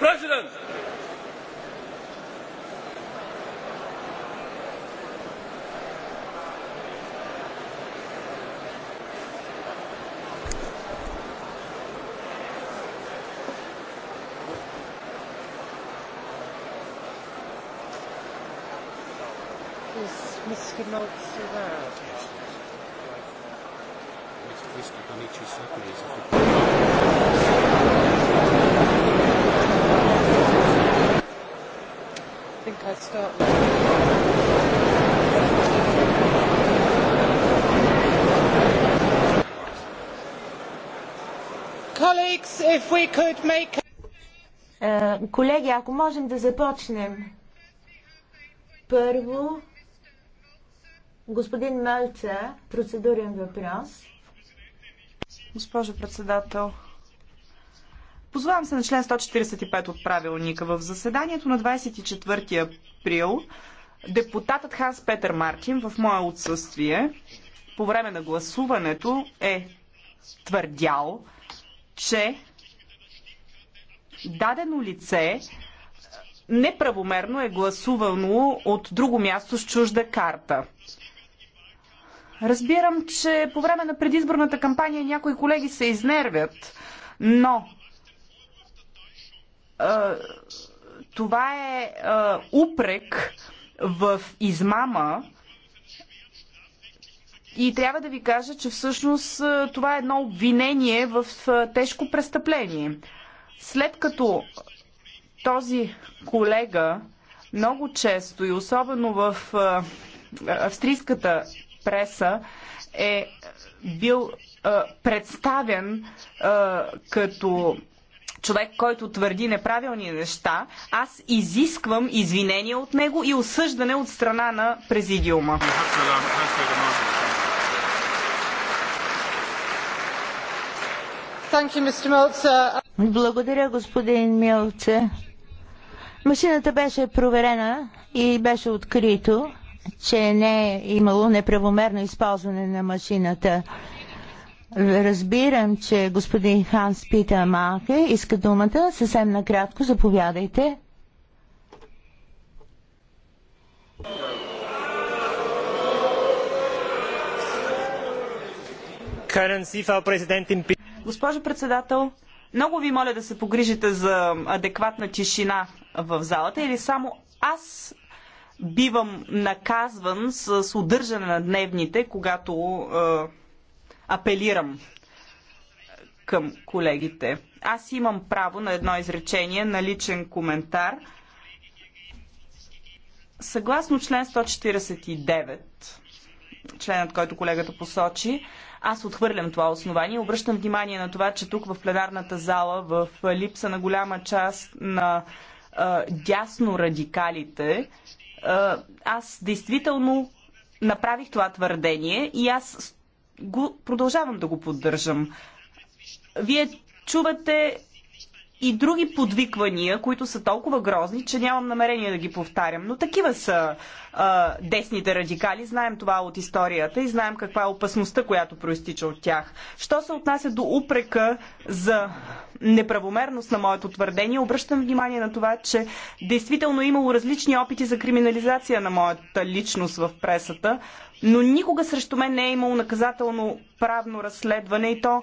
President! Е, колеги, ако можем да започнем. Първо, господин Мълца, процедурен въпрос. Госпожо председател, Позвавам се на член 145 от правилника. В заседанието на 24 април депутатът Ханс Петър Мартин в мое отсъствие по време на гласуването е твърдял, че дадено лице неправомерно е гласувано от друго място с чужда карта. Разбирам, че по време на предизборната кампания някои колеги се изнервят, но е, това е, е упрек в измама, и трябва да ви кажа, че всъщност това е едно обвинение в тежко престъпление. След като този колега много често и особено в австрийската преса е бил представен като човек, който твърди неправилни неща, аз изисквам извинения от него и осъждане от страна на президиума. You, Благодаря, господин Милце. Машината беше проверена и беше открито, че не е имало неправомерно използване на машината. Разбирам, че господин Ханс пита малко. Иска думата. Съвсем накратко, заповядайте. Können Sie, Frau Präsidentin, Госпожо председател, много ви моля да се погрижите за адекватна тишина в залата или само аз бивам наказван с удържане на дневните, когато е, апелирам към колегите. Аз имам право на едно изречение, на личен коментар. Съгласно член 149, членът, който колегата посочи, аз отхвърлям това основание. Обръщам внимание на това, че тук в пленарната зала, в липса на голяма част на а, дясно радикалите, а, аз действително направих това твърдение и аз го продължавам да го поддържам. Вие чувате и други подвиквания, които са толкова грозни, че нямам намерение да ги повтарям. Но такива са а, десните радикали. Знаем това от историята и знаем каква е опасността, която проистича от тях. Що се отнася до упрека за неправомерност на моето твърдение, обръщам внимание на това, че действително е имало различни опити за криминализация на моята личност в пресата, но никога срещу мен не е имало наказателно правно разследване и то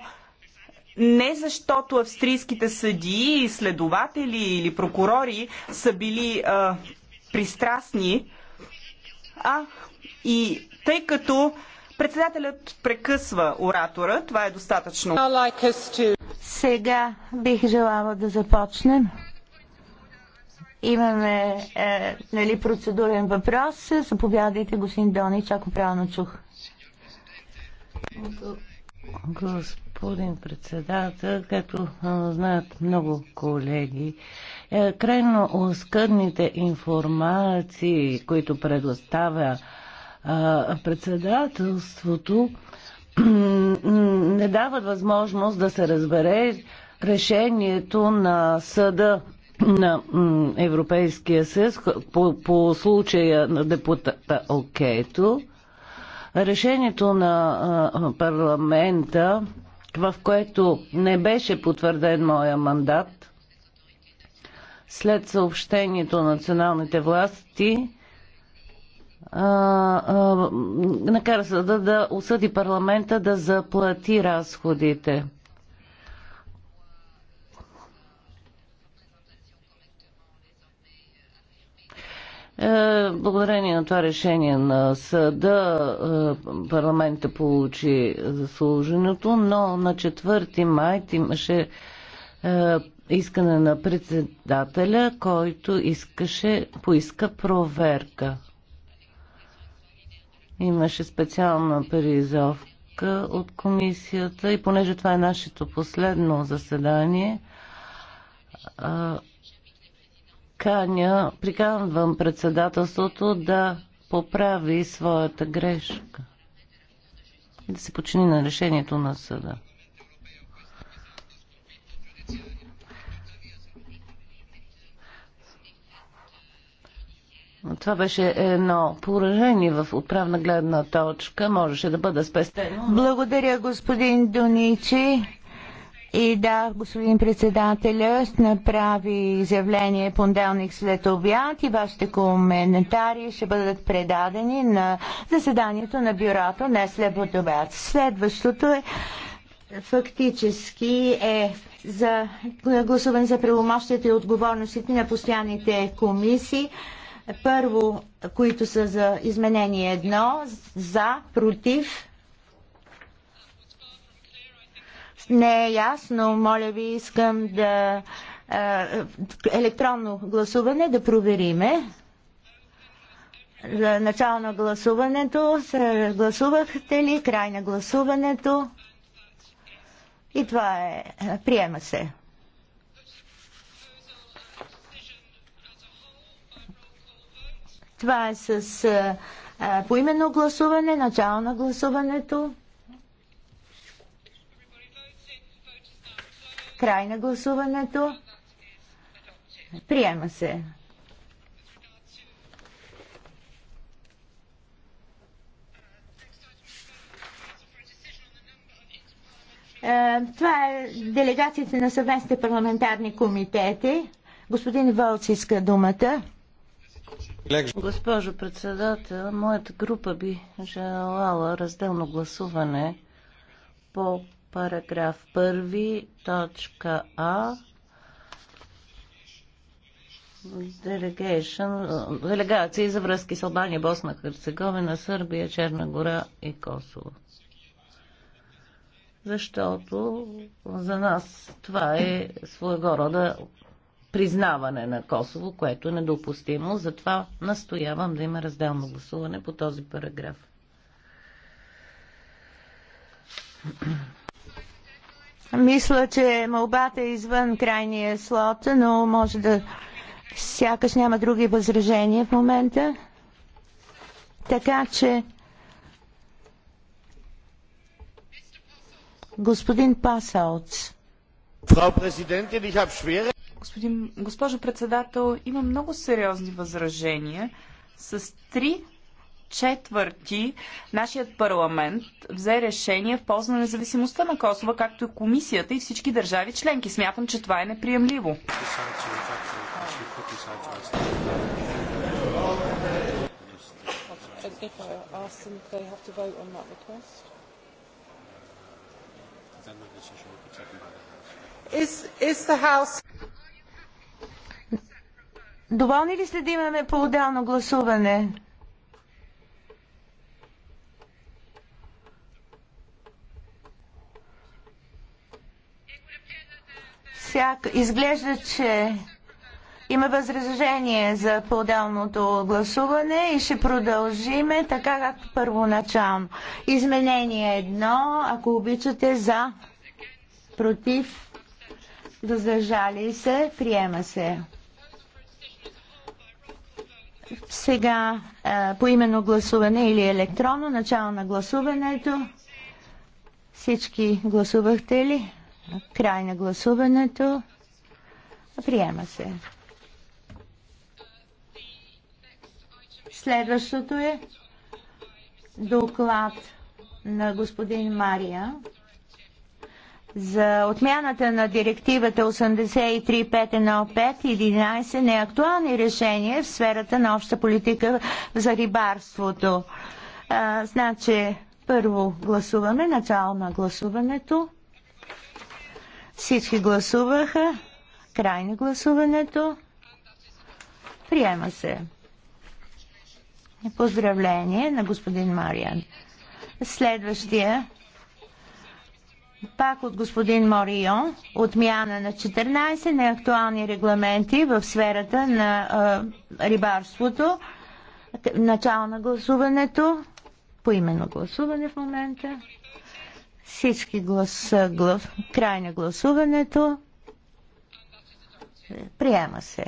не защото австрийските съдии, следователи или прокурори са били а, пристрастни, а и тъй като председателят прекъсва оратора, това е достатъчно. Сега бих желала да започнем. Имаме е, нали, процедурен въпрос. Заповядайте, господин Донич, ако правилно чух. Господин господин председател. като знаят много колеги, е, крайно оскъдните информации, които предоставя председателството, не дават възможност да се разбере решението на съда на Европейския съюз по, по случая на депутата Окето. Решението на парламента в което не беше потвърден моя мандат, след съобщението на националните власти, а, а, накара съда да осъди парламента да заплати разходите. Е, благодарение на това решение на съда е, парламента получи заслуженото, но на 4 май имаше е, искане на председателя, който искаше, поиска проверка. Имаше специална призовка от комисията и понеже това е нашето последно заседание, каня, приканвам председателството да поправи своята грешка. Да се почини на решението на съда. Това беше едно поражение в отправна гледна точка. Можеше да бъде спестено. Благодаря, господин Доничи. И да, господин председателя направи изявление понеделник след обяд и вашите коментари ще бъдат предадени на заседанието на бюрото не след обяд. Следващото е фактически е за гласуване за правомощията и отговорностите на постоянните комисии. Първо, които са за изменение едно, за, против, не е ясно, моля ви, искам да електронно гласуване да провериме. За начало на гласуването гласувахте ли, край на гласуването и това е, приема се. Това е с а, поименно гласуване, начало на гласуването. Край на гласуването. Приема се. Е, това е делегацията на съвместните парламентарни комитети. Господин Вълци иска думата. Госпожо председател, моята група би желала разделно гласуване по Параграф 1, точка А. Delegation, делегации за връзки с Албания, Босна, Херцеговина, Сърбия, Черна гора и Косово. Защото за нас това е своего рода признаване на Косово, което е недопустимо. Затова настоявам да има разделно гласуване по този параграф. Мисля, че мълбата е извън крайния слот, но може да... Сякаш няма други възражения в момента. Така че... Господин Пасалц, Господин, госпожо председател, има много сериозни възражения с три четвърти нашият парламент взе решение в полза на независимостта на Косова, както и комисията и всички държави членки. Смятам, че това е неприемливо. Доволни ли сте да имаме по-отделно гласуване? Всяк, изглежда, че има възражение за по-отделното гласуване и ще продължиме така както първоначално. Изменение едно, ако обичате за, против, въздържали се, приема се. Сега е, по именно гласуване или електронно, начало на гласуването. Всички гласувахте ли? Край на гласуването. Приема се. Следващото е доклад на господин Мария за отмяната на директивата 83515 11 неактуални решения в сферата на обща политика за рибарството. А, значи, първо гласуваме, начало на гласуването. Всички гласуваха. Край на гласуването. Приема се. Поздравление на господин Мариан. Следващия пак от господин Морион, отмяна на 14 неактуални регламенти в сферата на а, рибарството. Начало на гласуването, поименно гласуване в момента. Всички глас, глас, край на гласуването. Приема се.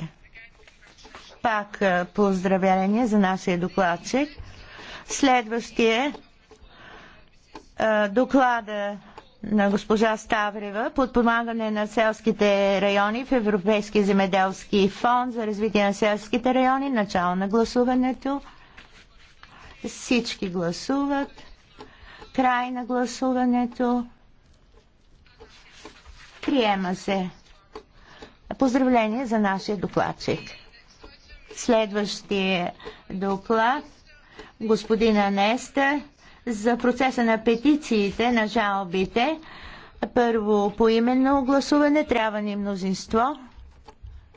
Пак поздравяване за нашия докладчик. Следващия доклада на госпожа Ставрева подпомагане на селските райони в Европейски земеделски фонд за развитие на селските райони. Начало на гласуването. Всички гласуват. Край на гласуването. Приема се. Поздравление за нашия докладчик. Следващия доклад господина Неста за процеса на петициите, на жалбите. Първо по именно гласуване трябва ни мнозинство.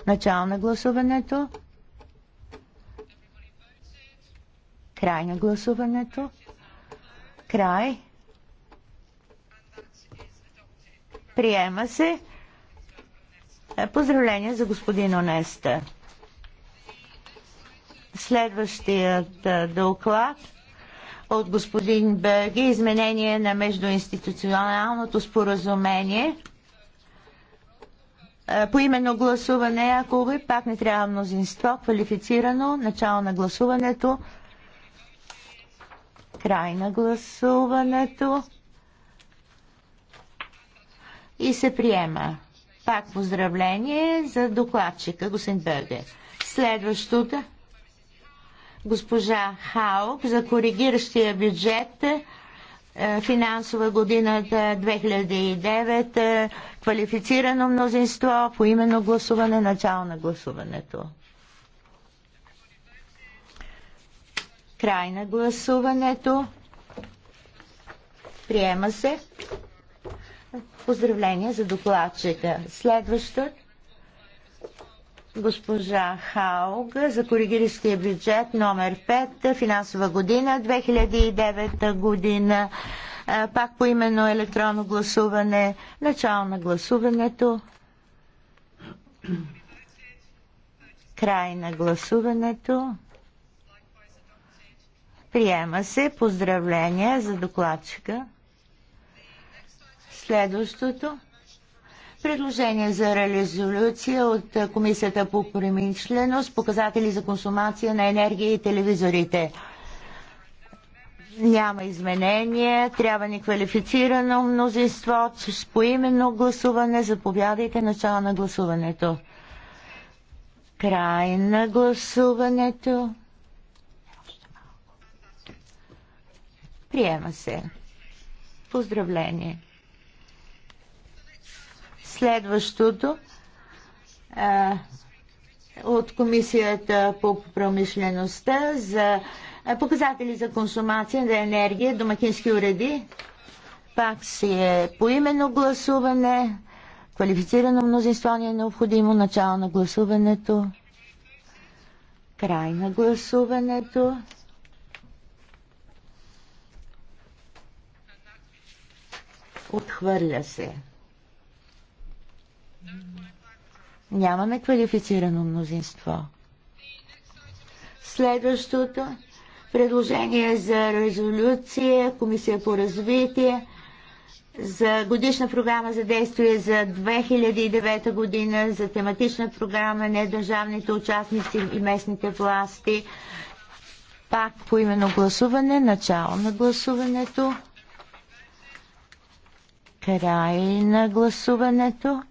Начало на гласуването. Край на гласуването. Край. Приема се. Поздравление за господин Онеста. Следващият доклад от господин Бърги изменение на междуинституционалното споразумение по именно гласуване, ако ви пак не трябва мнозинство, квалифицирано, начало на гласуването. Край на гласуването. И се приема. Пак поздравление за докладчика, господин Бърде. Следващото госпожа Хаук за коригиращия бюджет е, финансова годината 2009 е, квалифицирано мнозинство по именно гласуване, начало на гласуването. Край на гласуването. Приема се. Поздравления за докладчика. Следваща госпожа Хауга за коригиристия бюджет номер 5, финансова година, 2009 година. Пак по именно електронно гласуване, начало на гласуването, край на гласуването. Приема се. Поздравления за докладчика. Следващото. Предложение за резолюция от Комисията по промишленост, показатели за консумация на енергия и телевизорите. Няма изменения, трябва ни квалифицирано мнозинство, с поименно гласуване. Заповядайте начало на гласуването. Край на гласуването. Приема се. Поздравление. Следващото а, от Комисията по промишлеността за показатели за консумация на енергия, домакински уреди. Пак си е поименно гласуване, квалифицирано мнозинство ни е необходимо, начало на гласуването, край на гласуването. Отхвърля се. Нямаме квалифицирано мнозинство. Следващото предложение за резолюция, Комисия по развитие, за годишна програма за действие за 2009 година, за тематична програма държавните участници и местните власти. Пак по именно гласуване, начало на гласуването. Край на гласуването.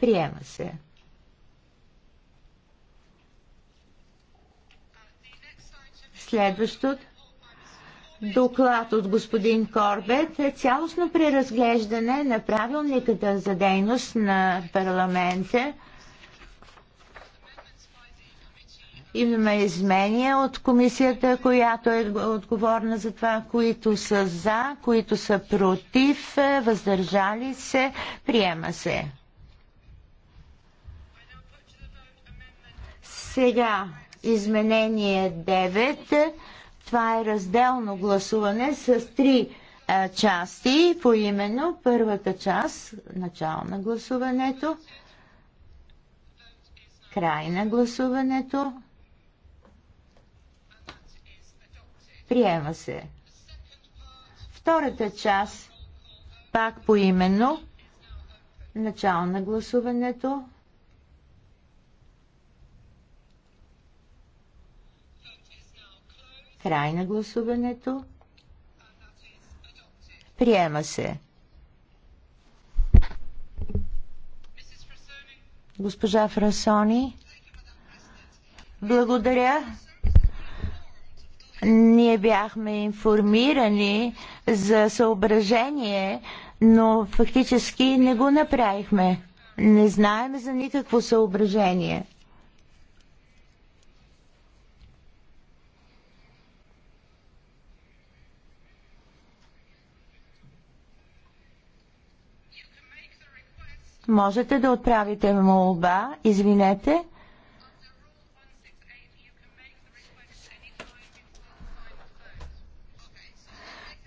Приема се. Следващото доклад от господин Корбет е цялостно преразглеждане на правилниката за дейност на парламента Имаме изменения от комисията, която е отговорна за това, които са за, които са против, въздържали се, приема се. Сега изменение 9. Това е разделно гласуване с три части по именно първата част, начало на гласуването, край на гласуването, Приема се. Втората част, пак по именно, начало на гласуването. Край на гласуването. Приема се. Госпожа Фрасони, благодаря. Ние бяхме информирани за съображение, но фактически не го направихме. Не знаем за никакво съображение. Можете да отправите молба, извинете,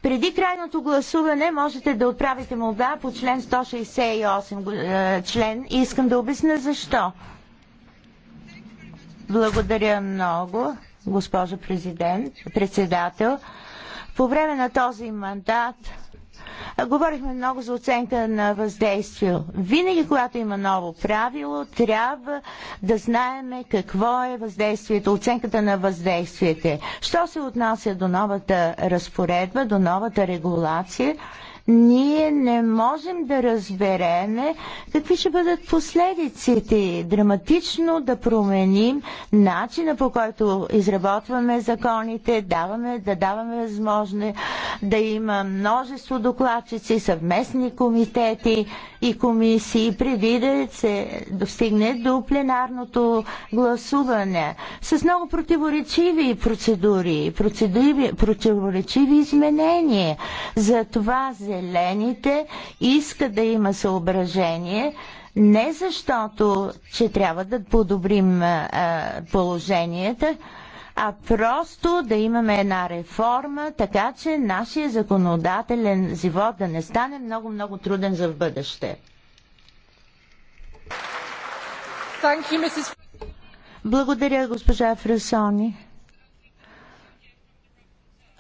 Преди крайното гласуване можете да отправите молба по член 168 е, член и искам да обясня защо. Благодаря много, госпожо президент, председател. По време на този мандат Говорихме много за оценка на въздействие. Винаги, когато има ново правило, трябва да знаем какво е въздействието, оценката на въздействието. Що се отнася до новата разпоредба, до новата регулация, ние не можем да разбереме какви ще бъдат последиците. Драматично да променим начина по който изработваме законите, даваме, да даваме възможност да има множество докладчици, съвместни комитети и комисии преди да се достигне до пленарното гласуване. С много противоречиви процедури, процедури противоречиви изменения. Затова зелените искат да има съображение не защото, че трябва да подобрим а, положенията, а просто да имаме една реформа, така че нашия законодателен живот да не стане много-много труден за в бъдеще. Благодаря, госпожа Фресони.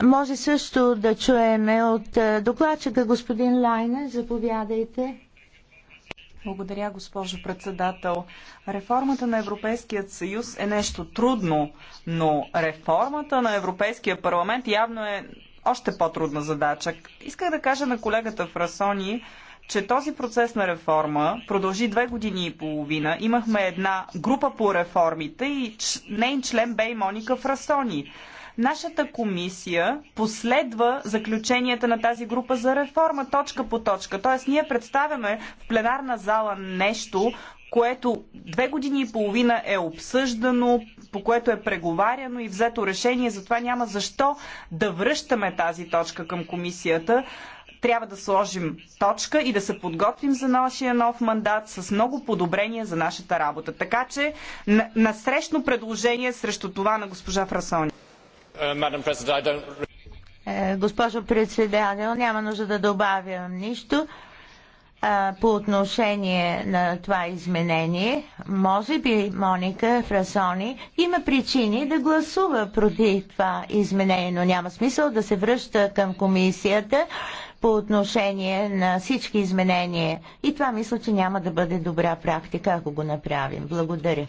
Може също да чуеме от е, докладчика господин Лайне. Заповядайте. Благодаря, госпожо председател. Реформата на Европейският съюз е нещо трудно, но реформата на Европейския парламент явно е още по-трудна задача. Исках да кажа на колегата Фрасони, че този процес на реформа продължи две години и половина. Имахме една група по реформите и нейн член бе и Моника Фрасони. Нашата комисия последва заключенията на тази група за реформа точка по точка. Тоест ние представяме в пленарна зала нещо, което две години и половина е обсъждано, по което е преговаряно и взето решение. Затова няма защо да връщаме тази точка към комисията трябва да сложим точка и да се подготвим за нашия нов мандат с много подобрения за нашата работа. Така че насрещно предложение срещу това на госпожа Фрасони. Uh, е, госпожо председател, няма нужда да добавям нищо по отношение на това изменение. Може би Моника Фрасони има причини да гласува против това изменение, но няма смисъл да се връща към комисията по отношение на всички изменения. И това мисля, че няма да бъде добра практика, ако го направим. Благодаря.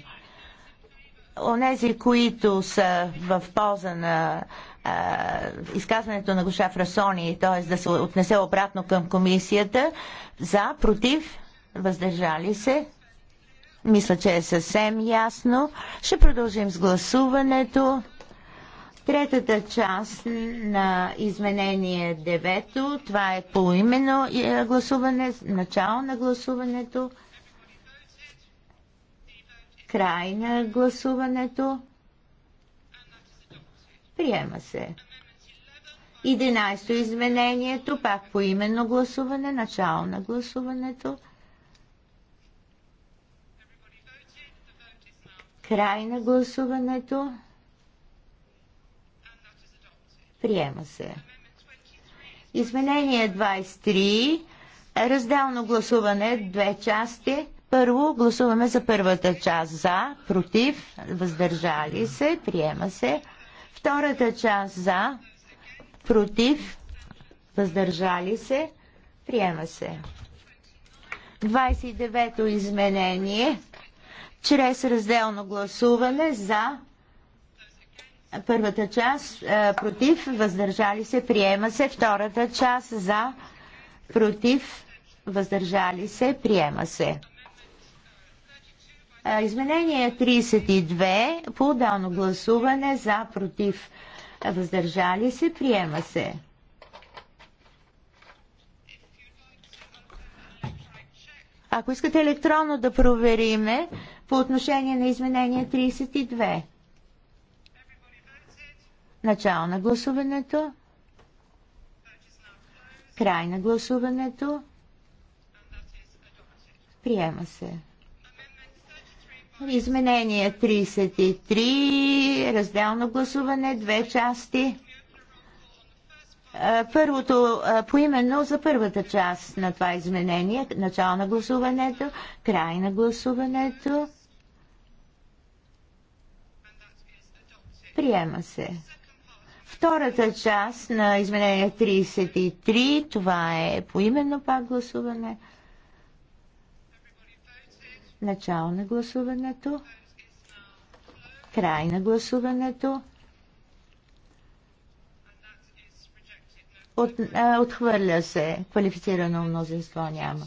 Онези, които са в полза на а, изказването на Гоша Фрасони, т.е. да се отнесе обратно към комисията, за, против, въздържали се, мисля, че е съвсем ясно. Ще продължим с гласуването. Третата част на изменение 9, това е поименно е, гласуване, начало на гласуването. Край на гласуването. Приема се. 11-то изменението, пак по именно гласуване, начало на гласуването. Край на гласуването. Приема се. Изменение 23. Разделно гласуване, две части. Първо гласуваме за първата част за, против, въздържали се, приема се. Втората част за, против, въздържали се, приема се. 29-то изменение чрез разделно гласуване за първата част е, против, въздържали се, приема се. Втората част за, против, въздържали се, приема се. Изменение 32 по отделно гласуване за против въздържали се приема се. Ако искате електронно да провериме по отношение на изменение 32. Начало на гласуването. Край на гласуването. Приема се. Изменение 33, разделно гласуване, две части. Е, първото е, поименно за първата част на това изменение, начало на гласуването, край на гласуването. Приема се. Втората част на изменение 33, това е поименно пак гласуване. Начало на гласуването. Край на гласуването. От, а, отхвърля се. Квалифицирано мнозинство няма.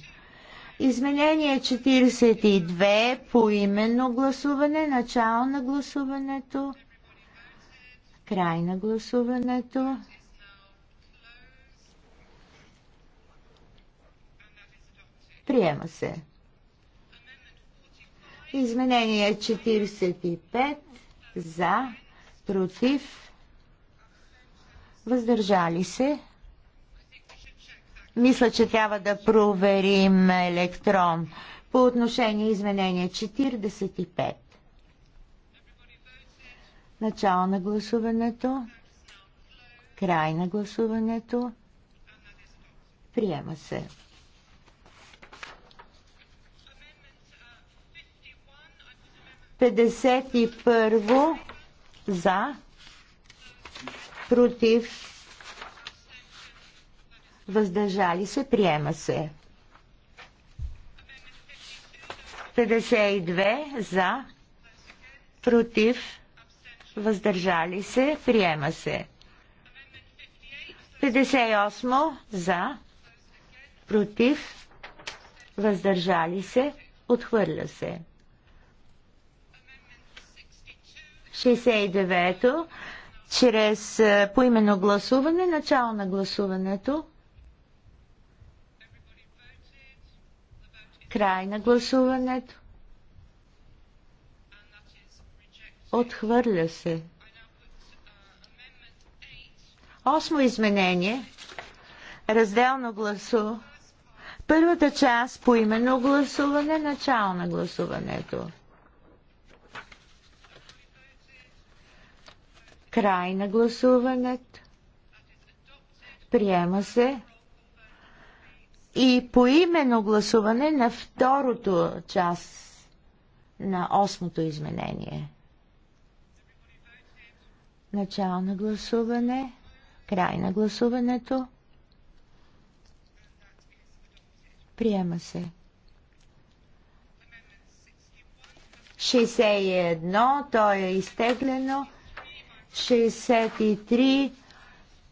Изменение 42 по именно гласуване. Начало на гласуването. Край на гласуването. Приема се. Изменение 45 за, против, въздържали се. Мисля, че трябва да проверим електрон по отношение изменение 45. Начало на гласуването. Край на гласуването. Приема се. 51 за, против, въздържали се, приема се. 52 за, против, въздържали се, приема се. 58 за, против, въздържали се, отхвърля се. 69-то чрез поименно гласуване, начало на гласуването, край на гласуването, отхвърля се. Осмо изменение, разделно гласу. Първата част по гласуване, начало на гласуването. Край на гласуването. Приема се. И по именно гласуване на второто част на осмото изменение. Начало на гласуване. Край на гласуването. Приема се. 61, то е изтеглено. 63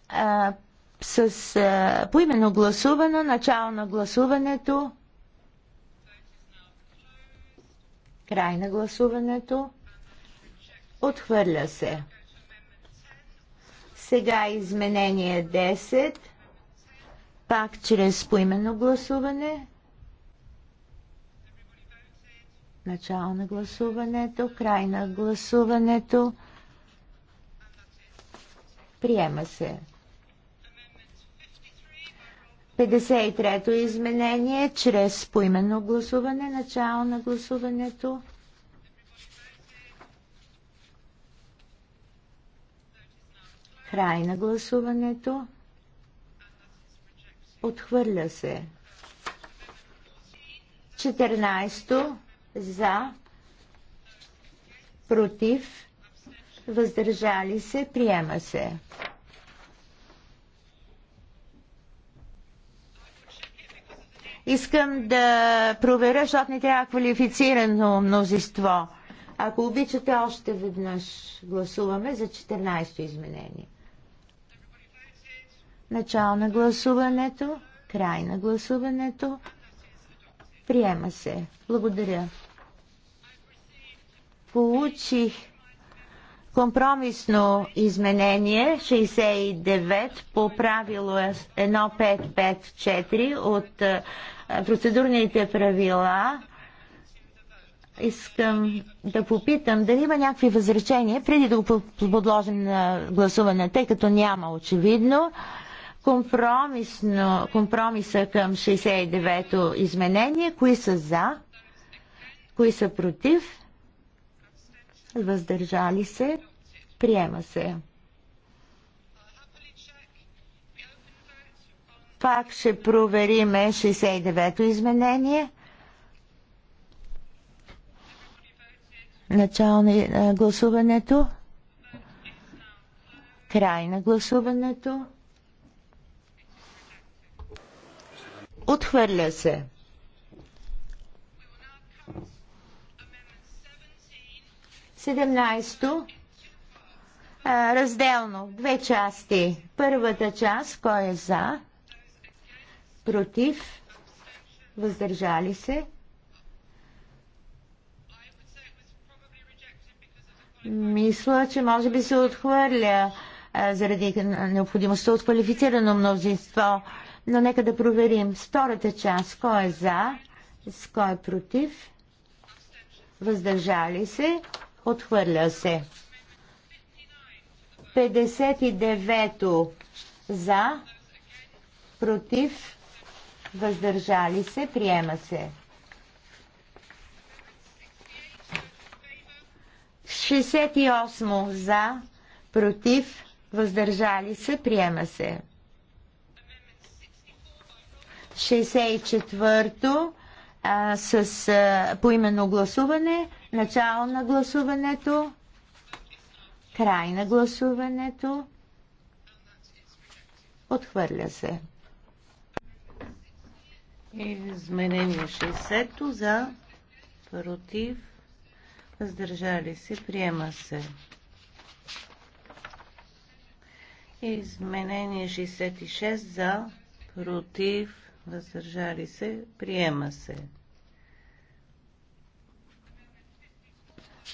а, с а, поименно гласуване, начало на гласуването, край на гласуването, отхвърля се. Сега изменение 10, пак чрез поименно гласуване. Начало на гласуването, край на гласуването. Приема се. 53-то изменение чрез поименно гласуване, начало на гласуването. Край на гласуването. Отхвърля се. 14 за, против, въздържали се, приема се. Искам да проверя, защото не трябва квалифицирано мнозинство. Ако обичате, още веднъж гласуваме за 14-то изменение. Начало на гласуването, край на гласуването. Приема се. Благодаря. Получих Компромисно изменение 69 по правило 1554 от е, процедурните правила. Искам да попитам дали има някакви възречения, преди да го подложим на гласуване, тъй като няма очевидно. Компромисно, компромиса към 69-то изменение. Кои са за? Кои са против? въздържали се, приема се. Пак ще провериме 69-то изменение. Начало на гласуването. Край на гласуването. Отхвърля се. 17 разделно, две части. Първата част, кой е за, против, въздържали се. Мисля, че може би се отхвърля заради необходимостта от квалифицирано мнозинство. Но нека да проверим. Втората част, кой е за, с кой е против, въздържали се. Отхвърля се. 59-то за, против, въздържали се, приема се. 68 за, против, въздържали се, приема се. 64-то а, с а, поименно гласуване, начало на гласуването, край на гласуването, отхвърля се. Изменение 60 за, против, въздържали се, приема се. Изменение 66 за, против, въздържали се, приема се.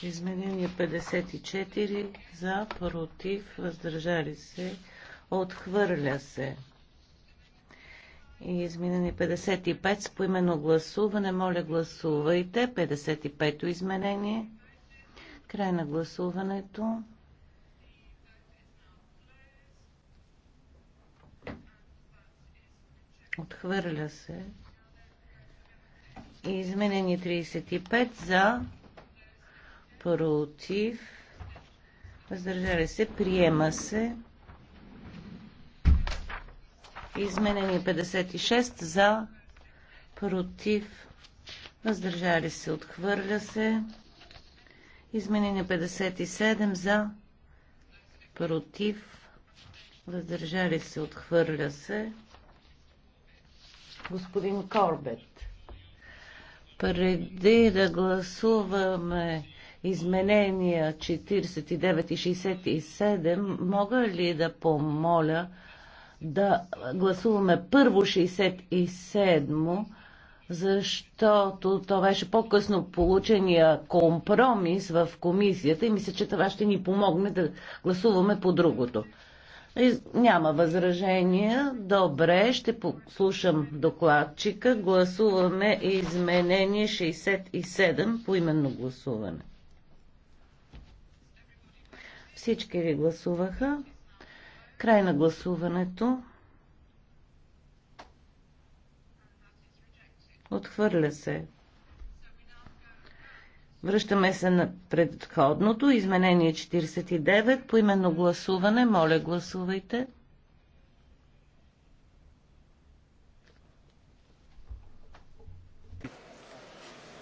Изменение 54 за, против, въздържали се, отхвърля се. И изменение 55 с поименно гласуване. Моля, гласувайте. 55-то изменение. Край на гласуването. Отхвърля се. И изменение 35 за, против, въздържали се, приема се. Изменение 56 за, против, въздържали се, отхвърля се. Изменение 57 за, против, въздържали се, отхвърля се. Господин Корбет, преди да гласуваме изменения 49 и 67, мога ли да помоля да гласуваме първо 67, защото то беше по-късно получения компромис в комисията и мисля, че това ще ни помогне да гласуваме по другото. Няма възражения. Добре, ще послушам докладчика. Гласуваме изменение 67 по именно гласуване. Всички ви гласуваха? Край на гласуването. Отхвърля се. Връщаме се на предходното. Изменение 49. По именно гласуване. Моля, гласувайте.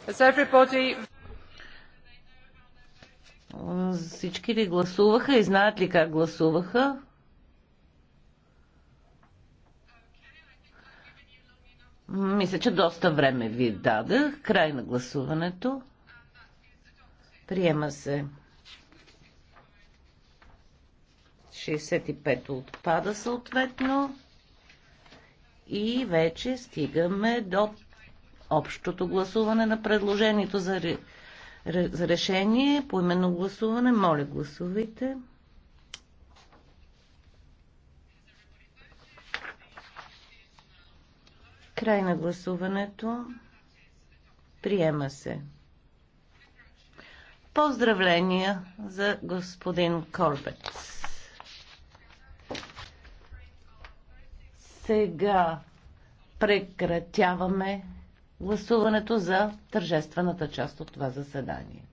Everybody... Всички ли гласуваха и знаят ли как гласуваха? Мисля, че доста време ви дадах. Край на гласуването. Приема се. 65 отпада съответно. И вече стигаме до общото гласуване на предложението за за решение по именно гласуване. Моля, гласувайте. Край на гласуването. Приема се. Поздравления за господин Корбет. Сега прекратяваме гласуването за тържествената част от това заседание.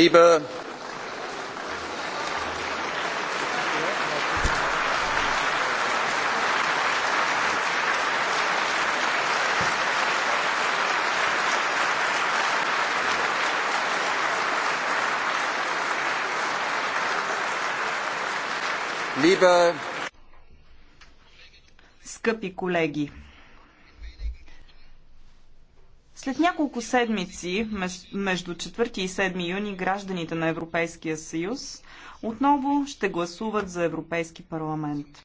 Liebe Скъпи колеги, след няколко седмици, между 4 и 7 юни, гражданите на Европейския съюз отново ще гласуват за Европейски парламент.